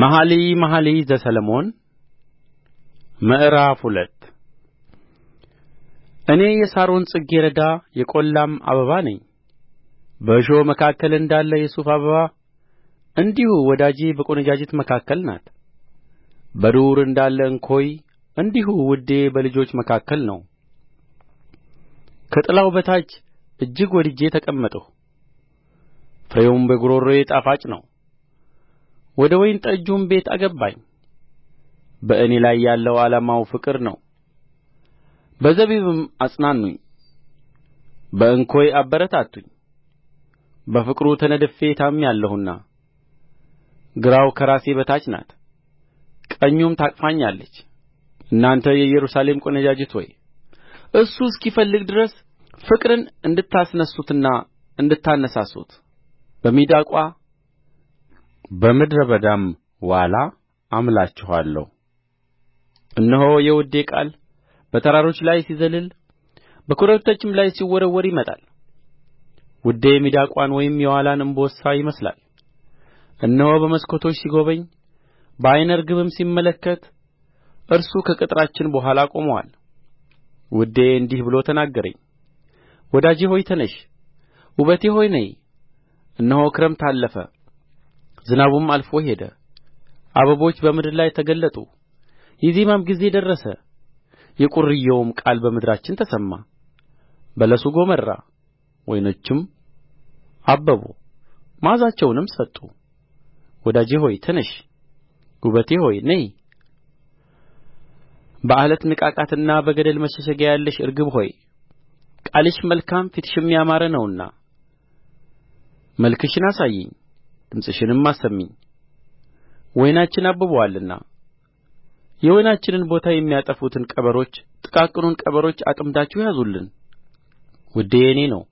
መኃልየ መኃልይ ዘሰሎሞን ምዕራፍ ሁለት እኔ የሳሮን ጽጌ ረዳ የቈላም አበባ ነኝ። በእሾህ መካከል እንዳለ የሱፍ አበባ እንዲሁ ወዳጄ በቈነጃጅት መካከል ናት። በዱር እንዳለ እንኮይ እንዲሁ ውዴ በልጆች መካከል ነው። ከጥላው በታች እጅግ ወድጄ ተቀመጥሁ፣ ፍሬውም በጕሮሮዬ ጣፋጭ ነው። ወደ ወይን ጠጁም ቤት አገባኝ በእኔ ላይ ያለው ዓላማው ፍቅር ነው በዘቢብም አጽናኑኝ በእንኮይ አበረታቱኝ በፍቅሩ ተነድፌ ታምሜአለሁና ግራው ከራሴ በታች ናት ቀኙም ታቅፋኛለች እናንተ የኢየሩሳሌም ቈነጃጅት ሆይ እሱ እስኪፈልግ ድረስ ፍቅርን እንድታስነሱትና እንድታነሳሱት በሚዳቋ በምድረ በዳም ዋላ አምላችኋለሁ እነሆ የውዴ ቃል በተራሮች ላይ ሲዘልል በኮረብቶችም ላይ ሲወረወር ይመጣል ውዴ ሚዳቋን ወይም የዋላን እምቦሳ ይመስላል እነሆ በመስኮቶች ሲጐበኝ በዓይነ ርግብም ሲመለከት እርሱ ከቅጥራችን በኋላ ቆሞአል ውዴ እንዲህ ብሎ ተናገረኝ ወዳጄ ሆይ ተነሺ ውበቴ ሆይ ነዪ እነሆ ክረምት አለፈ ዝናቡም አልፎ ሄደ አበቦች በምድር ላይ ተገለጡ የዜማም ጊዜ ደረሰ የቁርዬውም ቃል በምድራችን ተሰማ በለሱ ጐመራ ወይኖችም አበቡ መዓዛቸውንም ሰጡ ወዳጄ ሆይ ተነሺ ውበቴ ሆይ ነዪ በዓለት ንቃቃትና በገደል መሸሸጊያ ያለሽ ርግብ ሆይ ቃልሽ መልካም ፊትሽም ያማረ ነውና መልክሽን አሳየኝ። ድምፅሽንም አሰሚኝ ወይናችን አብቦአልና የወይናችንን ቦታ የሚያጠፉትን ቀበሮች ጥቃቅኑን ቀበሮች አጥምዳችሁ ያዙልን ውዴ የእኔ ነው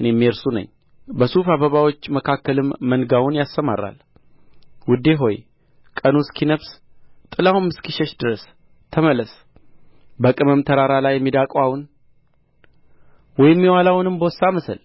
እኔም የእርሱ ነኝ በሱፍ አበባዎች መካከልም መንጋውን ያሰማራል ውዴ ሆይ ቀኑ እስኪነፍስ ጥላውም እስኪሸሽ ድረስ ተመለስ በቅመም ተራራ ላይ ሚዳቋውን ወይም የዋላውን እምቦሳ ምሰል